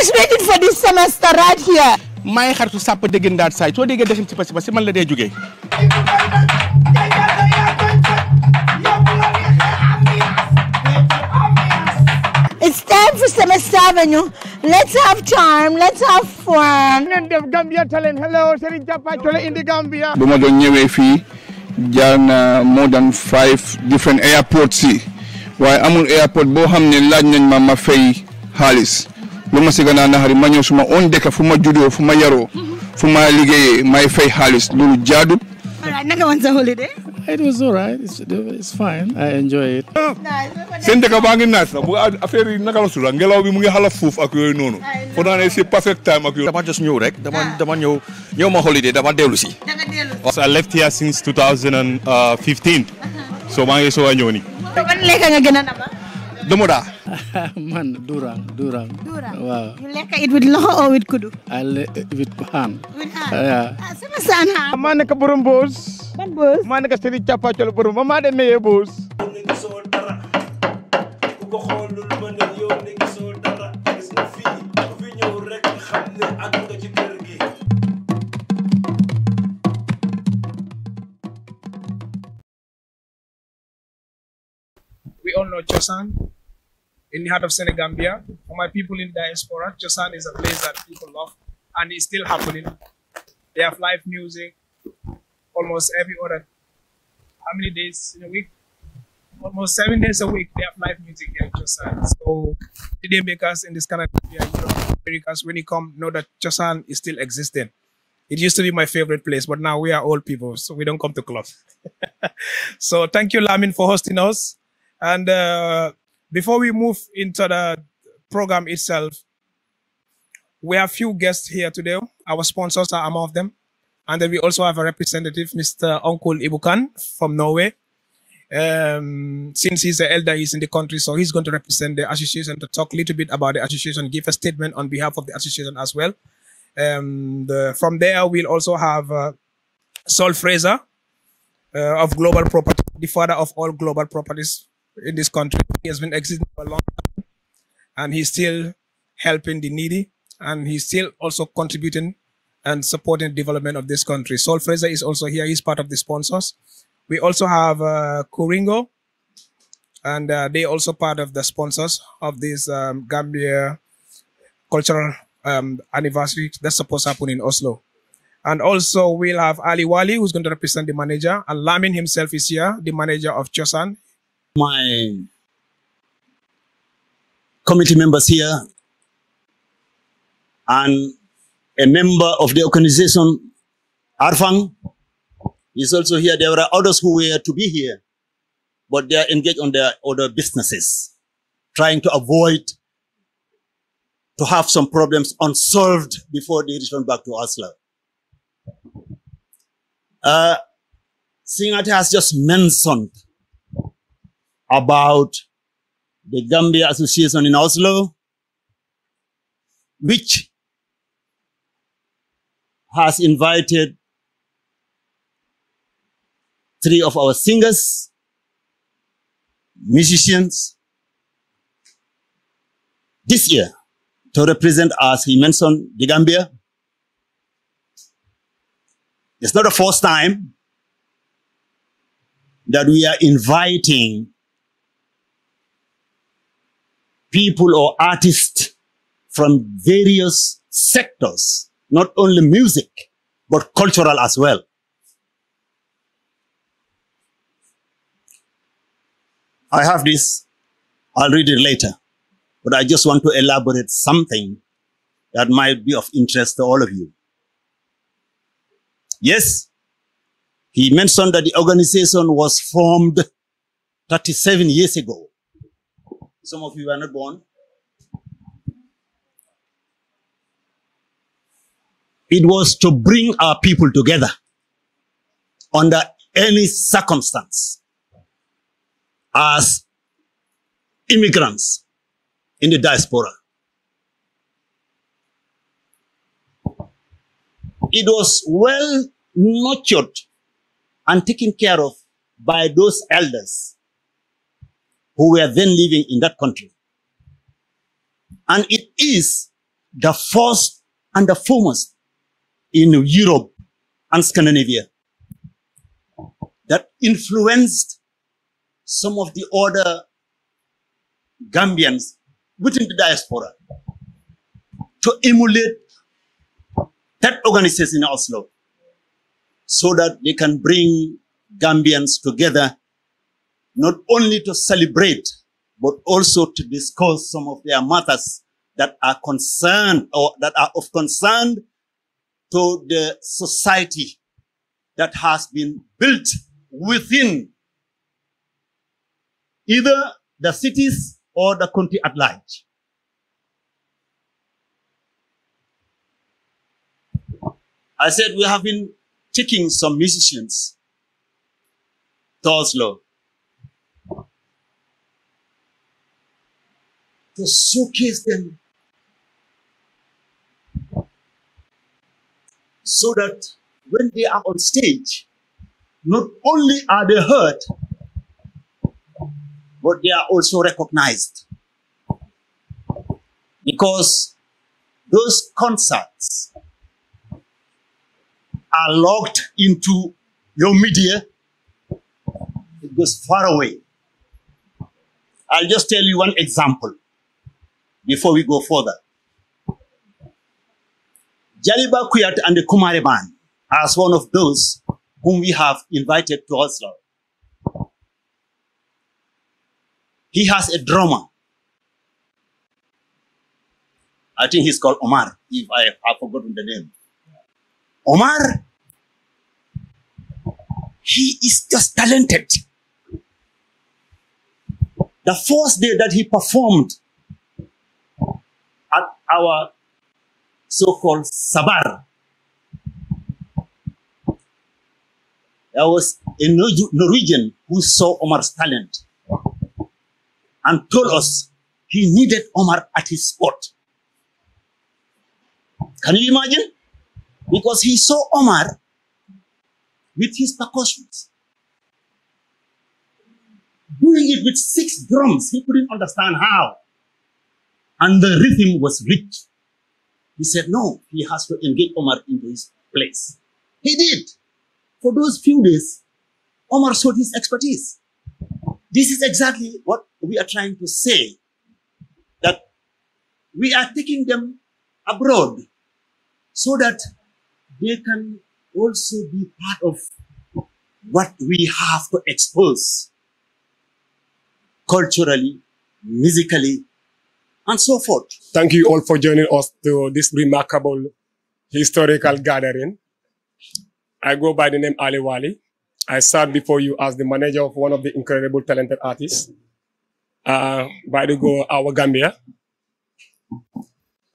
just waiting for this semester right here. maa ngi xaritu sàpp déggin daat saay soo déggee dexim si pasi pasi man la dee jógee. It's time for Semester Avenue. Let's have time. Let's have fun. ngeen def Gambia Talent hello Serigne Japa Chole indi Gambia. bu ma doon ñëwee fii jaar na more than five different airports yi waaye amul airport boo xam ne laaj nañ ma ma fay xaalis. lu ma si gën a naxari ma ñëw suma oon dëkk fu ma juddoo fu ma yaroo fu ma liggéeyee may fay xaalis loolu jaadut. voilà naka woon sa holiday. it was all right it's, it's fine I la sura ngelaw bi mu ngi xalaat fuuf ak yooyu noonu. foog naa si c'est perfect time ak yooyu. dama jos ñëw rek dama dama ñëw ñëw ma holiday dama dellu si. so I left here since uh, uh-huh. so maa Domoda. man, Durang, Durang. Durang. Wow. You like it with loho or with kudu? I like it with hand. With hand? Ah, yeah. Ah, sama sana. Mana ke burung bos? Man bos. Mana ke sini capa colo burung? Mama ada meye ya, bos. We all know Chosan, in the heart of Senegambia. For my people in diaspora, Chosan is a place that people love and it's still happening. They have live music almost every other, how many days in a week? Almost seven days a week, they have live music here in Chosan. So, today makers in this Scandinavia, Europe, Americas, when you come, know that Chosan is still existing. It used to be my favorite place, but now we are old people, so we don't come to clubs. so thank you, Lamin, for hosting us. And uh, before we move into the program itself, we have few guests here today. Our sponsors are among them. And then we also have a representative, Mr. Uncle Ibukan from Norway. Um, since he's the elder, he's in the country, so he's going to represent the association to talk a little bit about the association, give a statement on behalf of the association as well. And um, uh, from there, we'll also have uh, Saul Fraser uh, of Global Property, the father of all global properties in this country. He has been existing for a long time, and he's still helping the needy, and he's still also contributing and supporting the development of this country. Saul Fraser is also here. He's part of the sponsors. We also have uh, Coringo, and uh, they also part of the sponsors of this um, Gambia cultural um, anniversary that's supposed to happen in Oslo. And also we'll have Ali Wali, who's going to represent the manager, and Lamin himself is here, the manager of Chosan my committee members here and a member of the organization, Arfang, is also here. There are others who were to be here, but they are engaged on their other businesses, trying to avoid to have some problems unsolved before they return back to Oslo. Uh, Singate has just mentioned about the Gambia Association in Oslo, which has invited three of our singers, musicians, this year to represent us. He mentioned the Gambia. It's not the first time that we are inviting people or artists from various sectors, not only music, but cultural as well. I have this, I'll read it later, but I just want to elaborate something that might be of interest to all of you. Yes, he mentioned that the organization was formed 37 years ago some of you were not born. It was to bring our people together under any circumstance as immigrants in the diaspora. It was well nurtured and taken care of by those elders who were then living in that country. And it is the first and the foremost in Europe and Scandinavia that influenced some of the other Gambians within the diaspora to emulate that organization in Oslo so that they can bring Gambians together not only to celebrate, but also to discuss some of their matters that are concerned or that are of concern to the society that has been built within either the cities or the country at large. I said we have been taking some musicians to Oslo to showcase them so that when they are on stage, not only are they heard, but they are also recognized. Because those concerts are locked into your media, it goes far away. I'll just tell you one example before we go further. Jaliba Kuyat and Kumariban as one of those whom we have invited to Oslo. He has a drummer. I think he's called Omar, if I have forgotten the name. Omar, he is just talented. The first day that he performed at our so-called sabar. There was a Norwegian who saw Omar's talent and told us he needed Omar at his spot. Can you imagine? Because he saw Omar with his percussions, doing it with six drums. He couldn't understand how. And the rhythm was rich. He said, no, he has to engage Omar into his place. He did. For those few days, Omar showed his expertise. This is exactly what we are trying to say. That we are taking them abroad so that they can also be part of what we have to expose culturally, musically, and so forth. Thank you all for joining us to this remarkable historical gathering. I go by the name Ali Wali. I sat before you as the manager of one of the incredible talented artists uh, by the go our Gambia,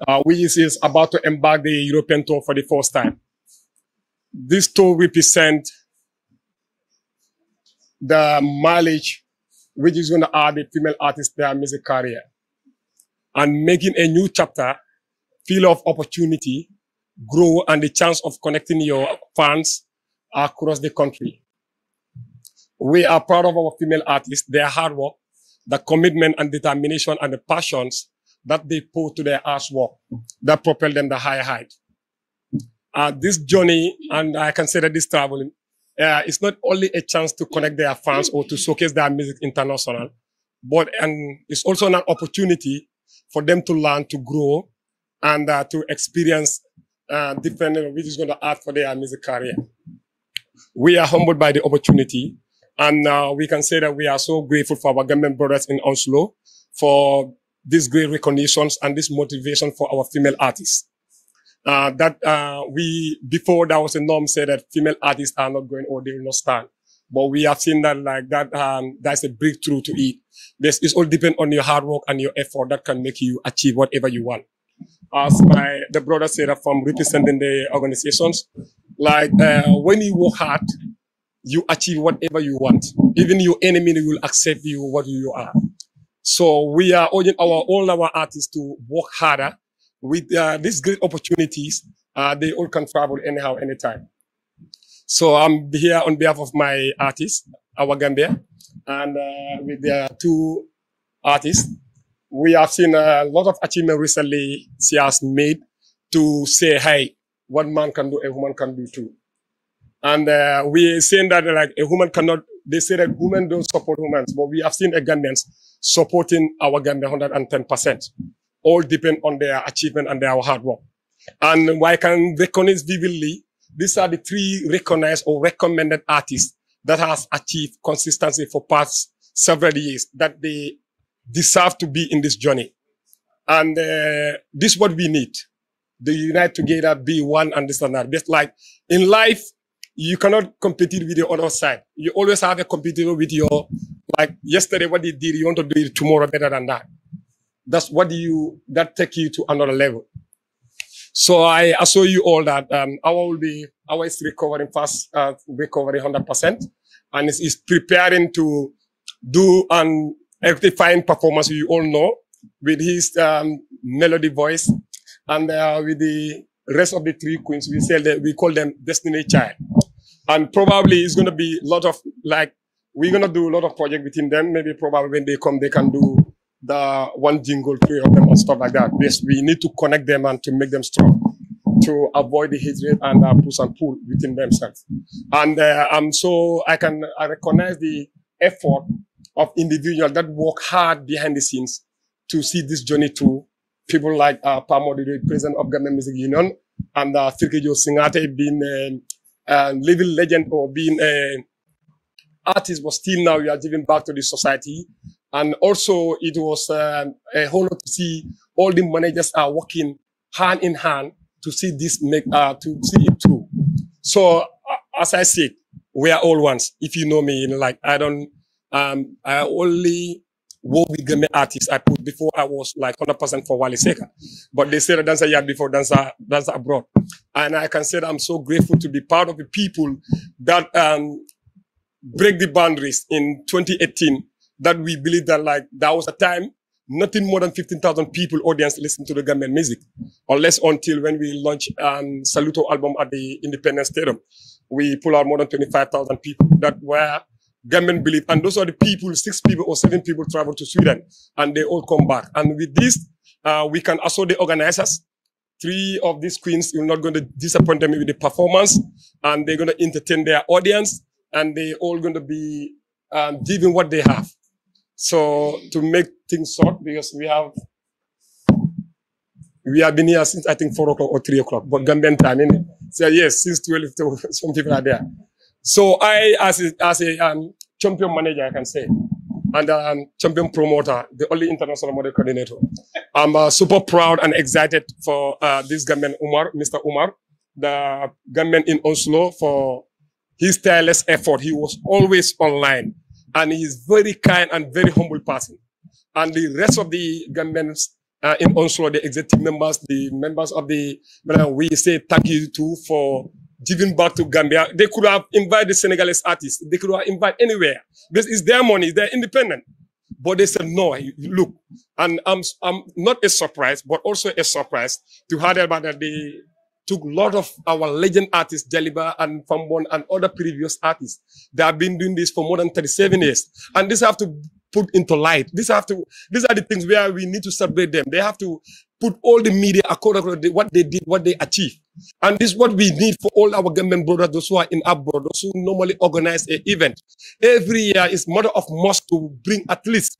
uh, which is about to embark the European tour for the first time. This tour represents the mileage which is going to add the female artist to their music career and making a new chapter field of opportunity grow and the chance of connecting your fans across the country. We are proud of our female artists, their hard work, the commitment and determination and the passions that they put to their hard work that propel them to higher height. Uh, this journey, and I consider this traveling, uh, it's not only a chance to connect their fans or to showcase their music international, but and it's also an opportunity for them to learn, to grow, and uh, to experience uh, different, which is going to add for their music career. We are humbled by the opportunity, and uh, we can say that we are so grateful for our government brothers in Onslow for these great recognitions and this motivation for our female artists. Uh, that uh, we before that was a norm said that female artists are not going or they will not stand. But we have seen that like that, um, that's a breakthrough to it. This is all depend on your hard work and your effort that can make you achieve whatever you want. As my, the brother said from representing the organizations, like, uh, when you work hard, you achieve whatever you want. Even your enemy will accept you what you are. So we are urging our, all our artists to work harder with uh, these great opportunities. Uh, they all can travel anyhow, anytime. So I'm here on behalf of my artist, our Gambia, and uh, with their two artists. We have seen a lot of achievement recently she has made to say, hey, what man can do, a woman can do too. And uh, we saying that like a woman cannot, they say that women don't support women, but we have seen a Ghanaians supporting our Gambia 110%. All depend on their achievement and their hard work. And I can recognize vividly these are the three recognized or recommended artists that has achieved consistency for past several years that they deserve to be in this journey. And uh, this is what we need. The unite together, be one, understand that. Just like in life, you cannot compete with the other side. You always have a competitor with your, like yesterday, what they did, you want to do it tomorrow better than that. That's what you, that take you to another level. So I assure you all that um, our will be our is recovering fast, uh, recovering hundred percent, and is, preparing to do an electrifying performance you all know with his um, melody voice and uh, with the rest of the three queens. We say that we call them Destiny Child, and probably it's going to be a lot of like we're going to do a lot of project within them. Maybe probably when they come, they can do the one jingle, three of them, and stuff like that. Yes, we need to connect them and to make them strong to avoid the hatred and uh, push and pull within themselves. And uh, um, so I can I recognize the effort of individuals that work hard behind the scenes to see this journey to people like uh, Pamodi, the president of Ghana Music Union, and uh, Sirkejo Singate being a, uh, a living legend or being a uh, artist, but still now we are giving back to the society and also it was um, a honor to see all the managers are working hand in hand to see this make, uh, to see it through. So uh, as I said, we are all ones. If you know me, you know, like I don't, um, I only work with Ghanaian artists. I put before I was like 100% for Wally Seca, but they said a dancer yard before dancer, dancer abroad. And I can say that I'm so grateful to be part of the people that, um, break the boundaries in 2018 that we believe that like that was a time nothing more than 15,000 people audience listened to the Gambian music, unless until when we launch um, Saluto album at the Independence Stadium. We pull out more than 25,000 people that were Gambian believe And those are the people, six people or seven people travel to Sweden and they all come back. And with this, uh, we can also the organizers. Three of these queens, we're not going to disappoint them with the performance and they're going to entertain their audience and they're all going to be um, giving what they have. So to make things short, because we have we have been here since I think four o'clock or three o'clock, but Gambian time, innit? So yes, since twelve, some people are there. So I, as a, as a um, champion manager, I can say, and um, champion promoter, the only international model coordinator, I'm uh, super proud and excited for uh, this Gambian Umar, Mr. Umar, the Gambian in Oslo for his tireless effort. He was always online and he's very kind and very humble person. And the rest of the Gambian uh, in Onslow, the executive members, the members of the, uh, we say thank you too for giving back to Gambia. They could have invited Senegalese artists. They could have invited anywhere. This is their money. They're independent. But they said, no, look. And I'm, I'm not a surprise, but also a surprise to have that the took a lot of our legend artists, Jaliba and Fambon and other previous artists. They have been doing this for more than 37 years. And this have to put into light. These have to, these are the things where we need to celebrate them. They have to put all the media according to what they did, what they achieved. And this is what we need for all our government brothers, those who are in abroad, those who normally organize an event. Every year is matter of must to bring at least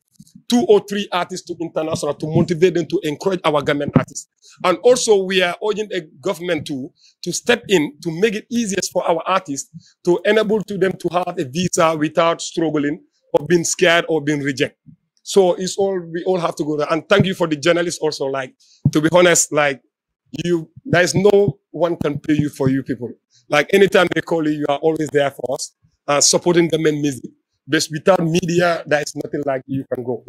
two or three artists to international to motivate them to encourage our government artists. And also we are urging the government to, to step in to make it easier for our artists to enable to them to have a visa without struggling or being scared or being rejected. So it's all, we all have to go there. And thank you for the journalists also. Like, to be honest, like you, there's no one can pay you for you people. Like anytime they call you, you are always there for us, uh, supporting the main music because without media, there is nothing like you can go.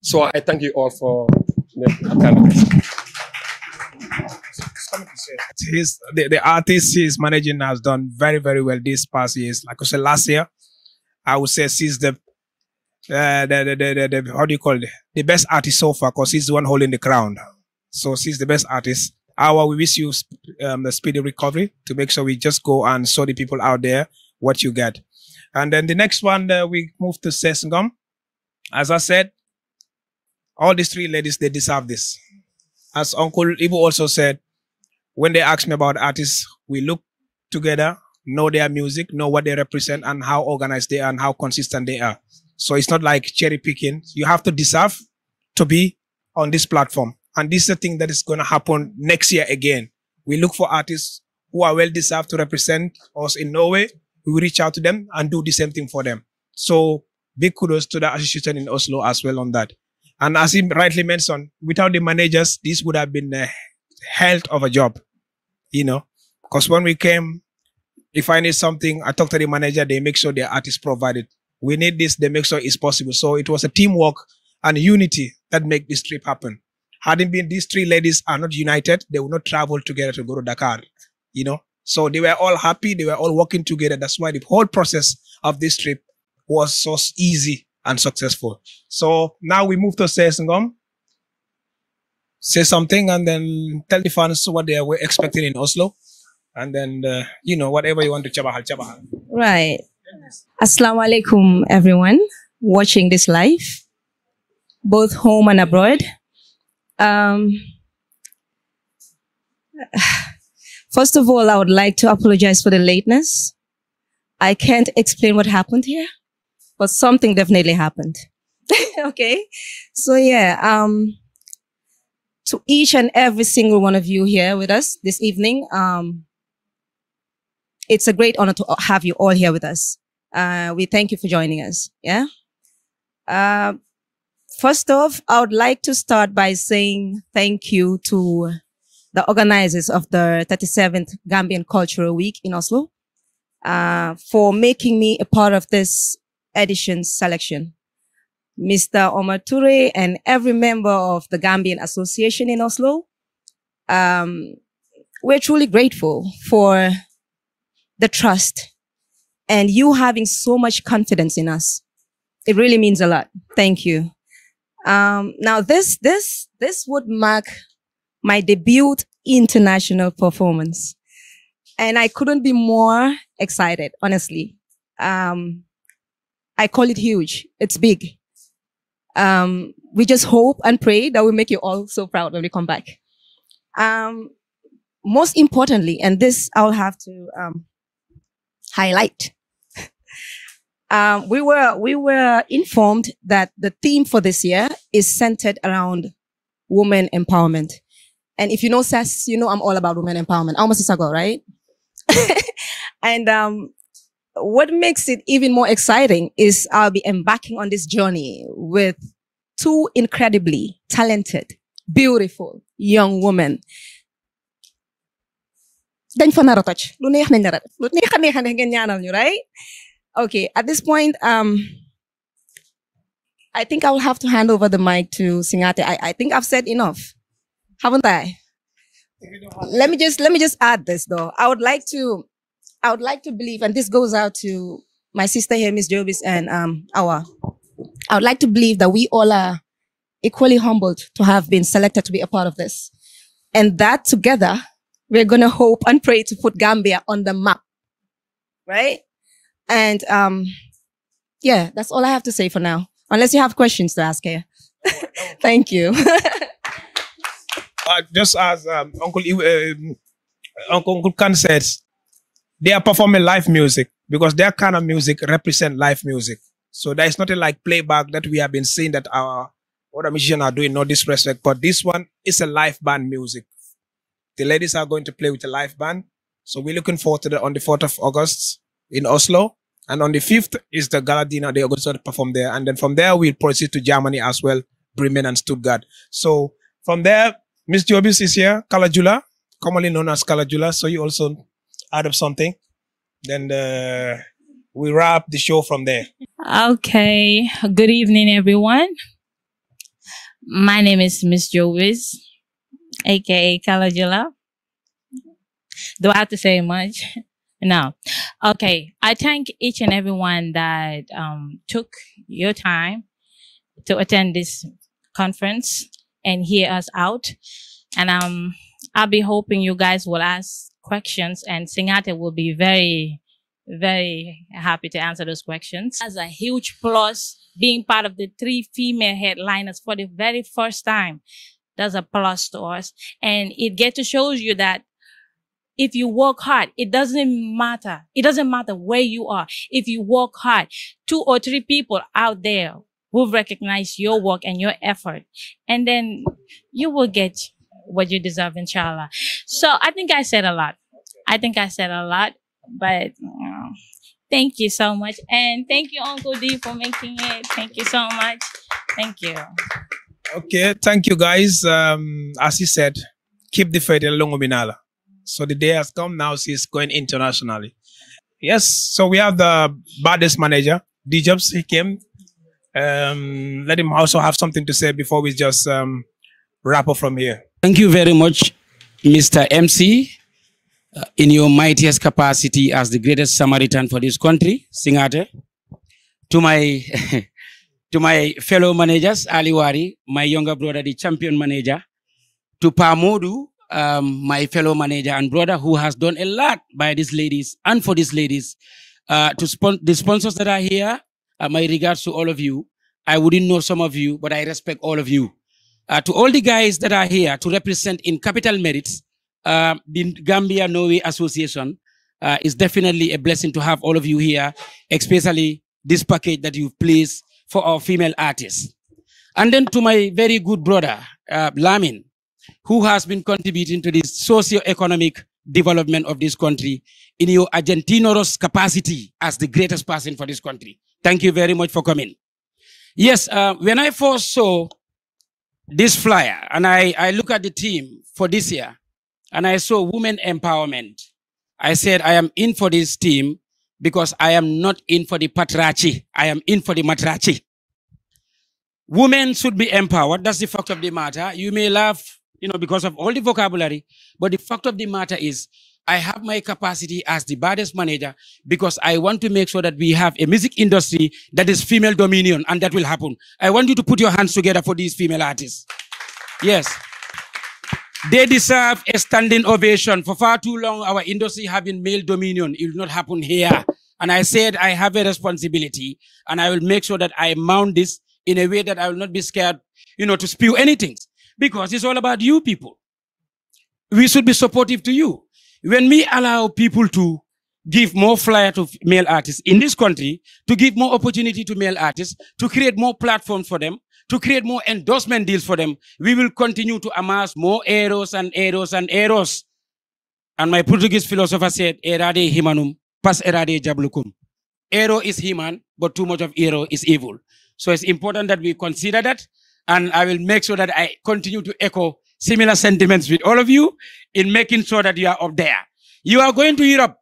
So I thank you all for his, the, the artist he's managing has done very, very well these past years. Like I said, last year, I would say since the, uh, the, the, the, the, how do you call it? The best artist so far, because he's the one holding the crown. So she's the best artist. Our, we wish you um, the speedy recovery to make sure we just go and show the people out there what you get. And then the next one, uh, we move to Sesngum. As I said, all these three ladies, they deserve this. As Uncle Ibu also said, when they ask me about artists, we look together, know their music, know what they represent and how organized they are and how consistent they are. So it's not like cherry picking. You have to deserve to be on this platform. And this is the thing that is going to happen next year again. We look for artists who are well deserved to represent us in Norway we reach out to them and do the same thing for them. So big kudos to the association in Oslo as well on that. And as he rightly mentioned, without the managers, this would have been a hell of a job, you know, because when we came, if I need something, I talk to the manager, they make sure the art is provided. We need this, they make sure it's possible. So it was a teamwork and unity that make this trip happen. Hadn't been these three ladies are not united, they would not travel together to go to Dakar, you know. So they were all happy. They were all working together. That's why the whole process of this trip was so easy and successful. So now we move to Sesengom. Say something and then tell the fans what they were expecting in Oslo. And then, uh, you know, whatever you want to chabahal, chabahal. Right. Assalamu alaikum, everyone watching this live, both home and abroad. Um, First of all, I would like to apologize for the lateness. I can't explain what happened here, but something definitely happened. okay. So yeah, um, to each and every single one of you here with us this evening, um, it's a great honor to have you all here with us. Uh, we thank you for joining us. Yeah. Uh, first off, I would like to start by saying thank you to the organizers of the 37th Gambian Cultural Week in Oslo, uh, for making me a part of this edition selection. Mr. Omar Toure and every member of the Gambian Association in Oslo, um, we're truly grateful for the trust and you having so much confidence in us. It really means a lot. Thank you. Um, now this, this, this would mark my debut international performance. And I couldn't be more excited, honestly. Um, I call it huge. It's big. Um, we just hope and pray that we make you all so proud when we come back. Um, most importantly, and this I'll have to um, highlight, um, we were we were informed that the theme for this year is centered around women empowerment. And if you know Sess, you know I'm all about women empowerment. Almost a girl, right? and um, what makes it even more exciting is I'll be embarking on this journey with two incredibly talented, beautiful young women. Then for a touch, lu neex right okay at this point um I think I will have to hand over the mic to Singate I I think I've said enough haven't I? Let me just let me just add this though. I would like to I would like to believe, and this goes out to my sister here, Miss Jobis, and um our I would like to believe that we all are equally humbled to have been selected to be a part of this. And that together, we're gonna hope and pray to put Gambia on the map. Right? And um yeah, that's all I have to say for now. Unless you have questions to ask here. Thank you. Uh, just as um, Uncle uh, Uncle Uncle Khan says, they are performing live music because their kind of music represent live music. So there is nothing like playback that we have been seeing that our other musicians are doing. No disrespect, but this one is a live band music. The ladies are going to play with a live band. So we're looking forward to that on the 4th of August in Oslo. And on the 5th is the gala dinner. They are going to perform there. And then from there, we'll proceed to Germany as well, Bremen and Stuttgart. So from there, Miss Jobis is here, Kalajula, commonly known as Kalajula. So you also add up something. Then the, uh, we wrap the show from there. Okay. Good evening, everyone. My name is Miss Jobis, aka Kalajula. Do I have to say much? No. Okay. I thank each and everyone that um, took your time to attend this conference and hear us out. And um, I'll be hoping you guys will ask questions and Singate will be very, very happy to answer those questions. As a huge plus, being part of the three female headliners for the very first time, that's a plus to us. And it gets to show you that if you work hard, it doesn't matter. It doesn't matter where you are. If you work hard, two or three people out there will recognize your work and your effort. And then you will get what you deserve, inshallah. So I think I said a lot. I think I said a lot, but uh, thank you so much. And thank you, Uncle D, for making it. Thank you so much. Thank you. Okay, thank you guys. Um, as he said, keep the faith in Lunguminala. So the day has come now, she's going internationally. Yes, so we have the baddest manager, D Jobs. He came um, let him also have something to say before we just um, wrap up from here. Thank you very much, Mr. MC, uh, in your mightiest capacity as the greatest Samaritan for this country, Singate. To my to my fellow managers, Ali Wari, my younger brother, the champion manager, to Pamodu, um, my fellow manager and brother, who has done a lot by these ladies and for these ladies. Uh, to spon the sponsors that are here, uh, my regards to all of you. I wouldn't know some of you, but I respect all of you. Uh, to all the guys that are here to represent in Capital Merits, uh, the Gambia Norway Association uh, is definitely a blessing to have all of you here, especially this package that you've placed for our female artists. And then to my very good brother, uh, Lamin, who has been contributing to the socio-economic development of this country in your Argentinos capacity as the greatest person for this country. Thank you very much for coming. Yes, uh, when I first saw this flyer and I, I look at the team for this year and I saw women empowerment, I said, I am in for this team because I am not in for the patriarchy. I am in for the matrachi. Women should be empowered. That's the fact of the matter. You may laugh, you know, because of all the vocabulary, but the fact of the matter is I have my capacity as the baddest manager because I want to make sure that we have a music industry that is female dominion and that will happen. I want you to put your hands together for these female artists. Yes. They deserve a standing ovation. For far too long, our industry having male dominion. It will not happen here. And I said I have a responsibility and I will make sure that I mount this in a way that I will not be scared, you know, to spew anything because it's all about you people. We should be supportive to you when we allow people to give more flyer to male artists in this country, to give more opportunity to male artists, to create more platforms for them, to create more endorsement deals for them, we will continue to amass more eros and eros and eros. And my Portuguese philosopher said, erade humanum, pas erade jablukum. Ero is human, but too much of ero is evil. So it's important that we consider that. And I will make sure that I continue to echo similar sentiments with all of you in making sure that you are up there. You are going to Europe.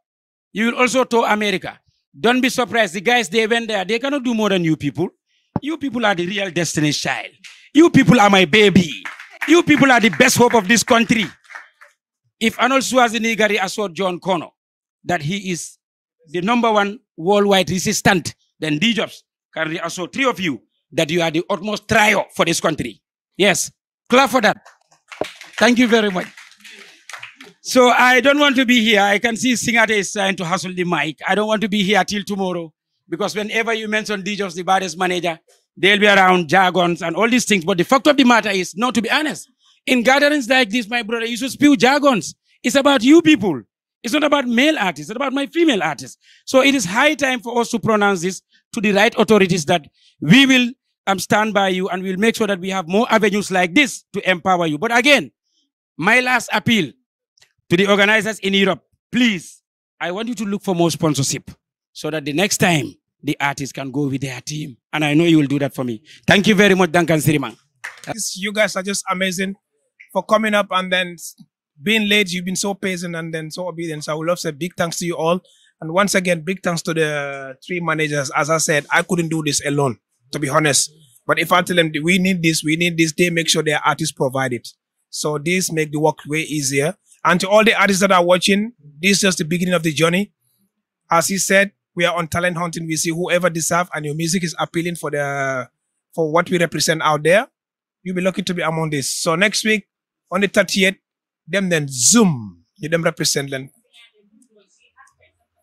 You will also tour America. Don't be surprised. The guys, they went there. They cannot do more than you people. You people are the real destiny child. You people are my baby. You people are the best hope of this country. If Arnold Schwarzenegger assured John Connor that he is the number one worldwide resistant, then D-Jobs can assure three of you that you are the utmost trial for this country. Yes, clap for that. Thank you very much. So I don't want to be here. I can see Singate is trying to hustle the mic. I don't want to be here till tomorrow because whenever you mention DJs, the baddest manager, they'll be around jargons and all these things. But the fact of the matter is, not to be honest, in gatherings like this, my brother, you should spew jargons. It's about you people. It's not about male artists. It's about my female artists. So it is high time for us to pronounce this to the right authorities that we will um, stand by you and we'll make sure that we have more avenues like this to empower you. But again, my last appeal to the organizers in Europe, please, I want you to look for more sponsorship so that the next time the artists can go with their team. And I know you will do that for me. Thank you very much, Duncan Siriman. You guys are just amazing for coming up and then being late. You've been so patient and then so obedient. So I would love to say big thanks to you all. And once again, big thanks to the three managers. As I said, I couldn't do this alone, to be honest. But if I tell them we need this, we need this, they make sure their artists provide it. So this make the work way easier. And to all the artists that are watching, this is just the beginning of the journey. As he said, we are on talent hunting. We see whoever deserves and your music is appealing for the, for what we represent out there. You'll be lucky to be among this. So next week on the 38th, them then zoom. You them represent them.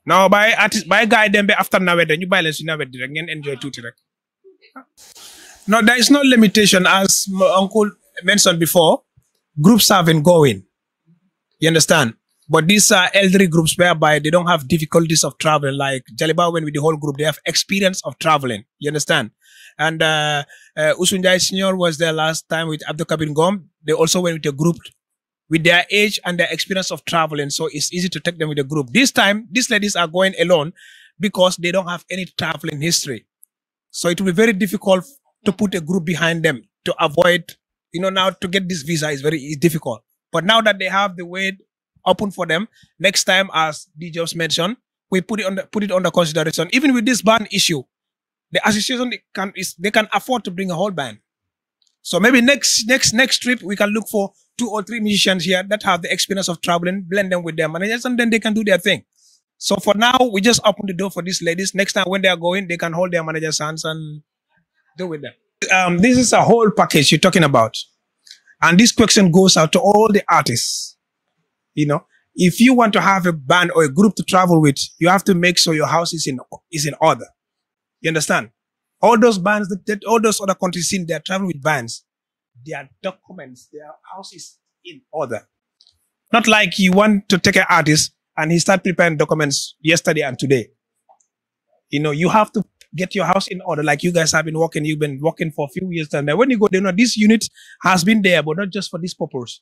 Now by artist, by guy them be after now then you balance you never direct and enjoy too direct. No, there is no limitation as my uncle mentioned before groups have been going. You understand? But these are elderly groups whereby they don't have difficulties of traveling. Like Jaliba went with the whole group, they have experience of traveling. You understand? And uh, uh, Usunjai Senior was there last time with Abdul Kabin Gom. They also went with a group with their age and their experience of traveling. So it's easy to take them with a group. This time, these ladies are going alone because they don't have any traveling history. So it will be very difficult to put a group behind them to avoid you know, now to get this visa is very is difficult. But now that they have the way open for them, next time, as D Jobs mentioned, we put it under put it under consideration. Even with this ban issue, the association can is they can afford to bring a whole band. So maybe next next next trip we can look for two or three musicians here that have the experience of traveling, blend them with them, and then they can do their thing. So for now, we just open the door for these ladies. Next time when they are going, they can hold their manager's hands and do with them. Um, this is a whole package you're talking about. And this question goes out to all the artists. You know, if you want to have a band or a group to travel with, you have to make sure your house is in, is in order. You understand? All those bands that, that all those other countries in, they're traveling with bands. Their documents, their house is in order. Not like you want to take an artist and he start preparing documents yesterday and today. You know, you have to get your house in order. Like you guys have been working, you've been working for a few years and when you go you know, this unit has been there, but not just for this purpose.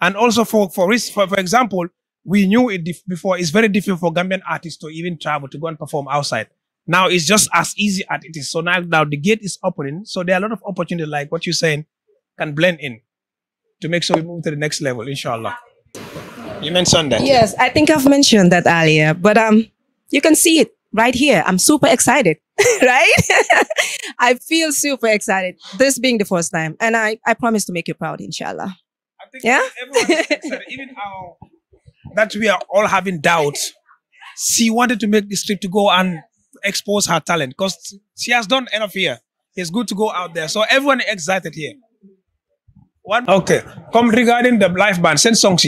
And also for, for risk, for, for example, we knew it before. It's very difficult for Gambian artists to even travel to go and perform outside. Now it's just as easy as it is. So now, now the gate is opening. So there are a lot of opportunities, like what you're saying, can blend in to make sure we move to the next level, inshallah. You mentioned that. Yes, I think I've mentioned that earlier, but um, you can see it right here. I'm super excited, right? I feel super excited. This being the first time. And I, I promise to make you proud, inshallah. I think yeah? everyone excited, even our, that we are all having doubts. She wanted to make this trip to go and expose her talent because she has done enough here. It's good to go out there. So everyone excited here. One okay. Come regarding the live band, send songs.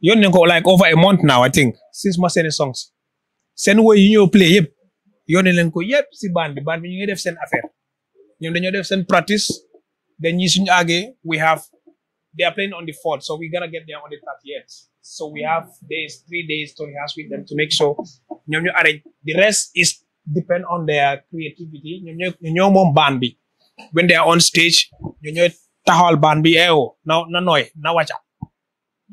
You're like over a month now, I think, since my sending songs. sen woy yi ñoo play yépp yónnee leen ko yépp si band bi band bi ñu ngi def sen affaire ñom dañoo def sen practice then ñi suñu agé we have they are playing on the fourth so we gonna get there on the yet so we have days three days to rehearse with them to make sure ñom ñu arrange the rest is depend on their creativity ñom ñoo ñoo mom band bi when they are on stage ñoo ñooy taxawal band bi eewo eh, oh, na na noy na wacha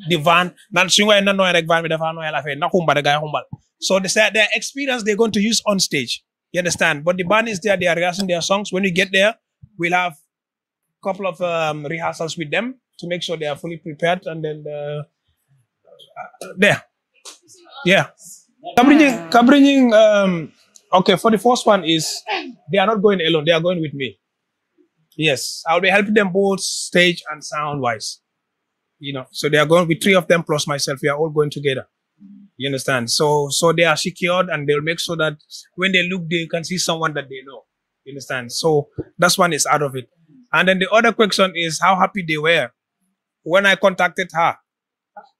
di van nan suñu way na noy rek van bi dafa la fay na xumbal da gay xumbal So they said their experience they're going to use on stage. You understand? But the band is there, they are rehearsing their songs. When we get there, we'll have a couple of um, rehearsals with them to make sure they are fully prepared and then uh, uh, there. Yeah. Kabringing, Kabringing, um, okay, for the first one is they are not going alone, they are going with me. Yes, I'll be helping them both stage and sound wise. You know, so they are going with three of them plus myself. We are all going together. You understand? So so they are secured and they'll make sure that when they look, they can see someone that they know. You understand? So that's one is out of it. And then the other question is how happy they were when I contacted her.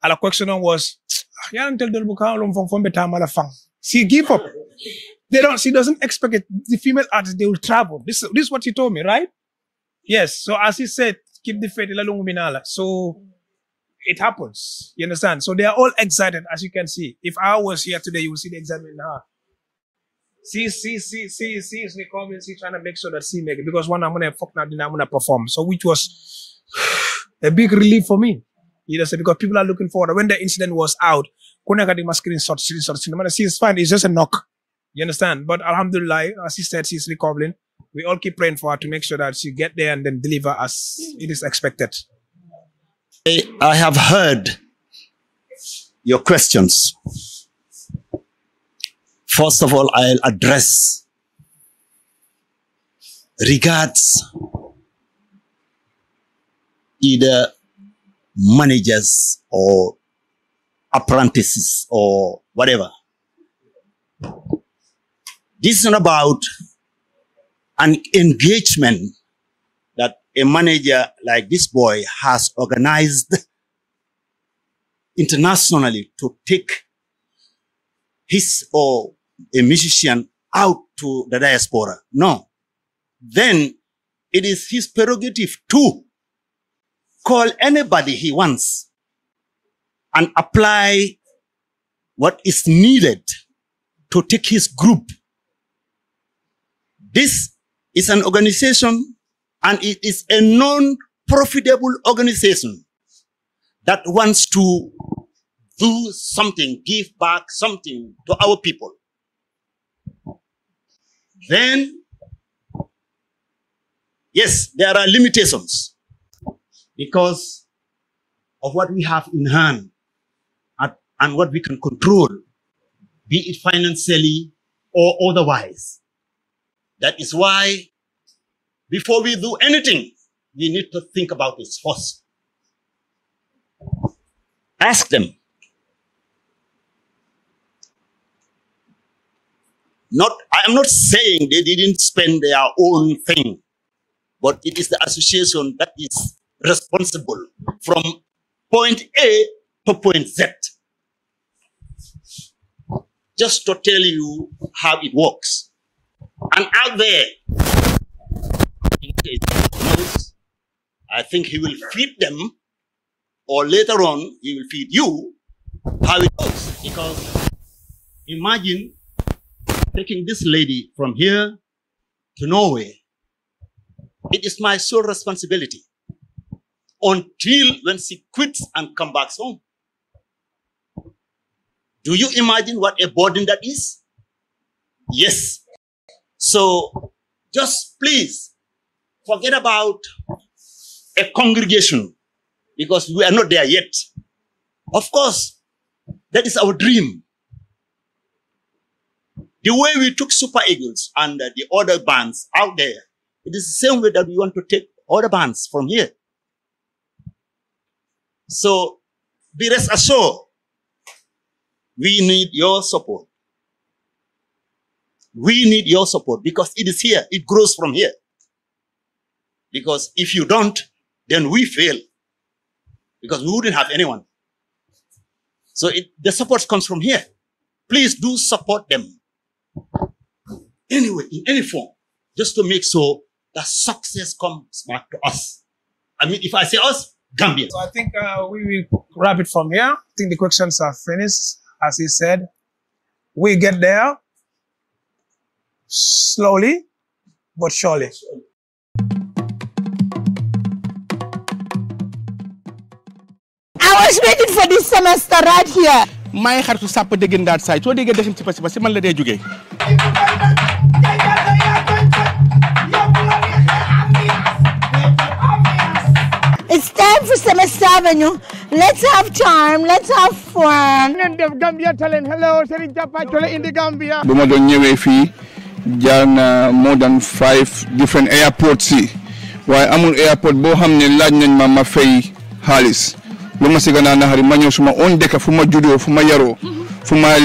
And the question was, ah, She give up. They don't. She doesn't expect it. The female artist they will travel. This this is what she told me, right? Yes. So as he said, keep the faith. So it happens. You understand? So they are all excited, as you can see. If I was here today, you will see the excitement in her. See, see, see, see, see, is coming, see, trying to make sure that she make it. Because one, I'm going to fuck now, then I'm going to perform. So which was a big relief for me. You understand? Because people are looking forward. When the incident was out, Kunakadi must screenshot, screenshot, screenshot. See, it's fine. It's just a knock. You understand? But Alhamdulillah, as she said, she's recovering. We all keep praying for her to make sure that she get there and then deliver as it is expected. I have heard your questions. First of all, I'll address regards either managers or apprentices or whatever. This is not about an engagement a manager like this boy has organized internationally to take his or a musician out to the diaspora. No. Then it is his prerogative to call anybody he wants and apply what is needed to take his group. This is an organization and it is a non-profitable organization that wants to do something, give back something to our people. Then, yes, there are limitations because of what we have in hand at, and what we can control, be it financially or otherwise. That is why before we do anything, we need to think about this first. Ask them. Not, I am not saying they didn't spend their own thing, but it is the association that is responsible from point A to point Z. Just to tell you how it works. And out there, I think he will feed them, or later on, he will feed you how it goes. Because imagine taking this lady from here to Norway. It is my sole responsibility until when she quits and comes back home. Do you imagine what a burden that is? Yes. So just please Forget about a congregation because we are not there yet. Of course, that is our dream. The way we took Super Eagles and uh, the other bands out there, it is the same way that we want to take other bands from here. So be rest assured, we need your support. We need your support because it is here. It grows from here. Because if you don't, then we fail. Because we wouldn't have anyone. So it, the support comes from here. Please do support them. Anyway, in any form, just to make so that success comes back to us. I mean, if I say us, Gambia. So I think uh, we will wrap it from here. I think the questions are finished. As he said, we get there slowly but surely. just waiting for this semester right here. maa ngi xaritu sàpp dégg ndaat saay soo déggee dexin ci pasi pasi man la dee jógee. It's time for Semester Avenue. Let's have time. Let's have fun. ngeen def Gambia Talents hello Serigne Japa Chole indi Gambia. bu ma doon ñëwee fii jaar na more than five different airports yi waaye amul airport boo xam ne laaj nañ ma ma fay xaalis. lu ma siga naa nahari ma ñëw suma own dëkka fu ma judoo fu ma yaroo fu ma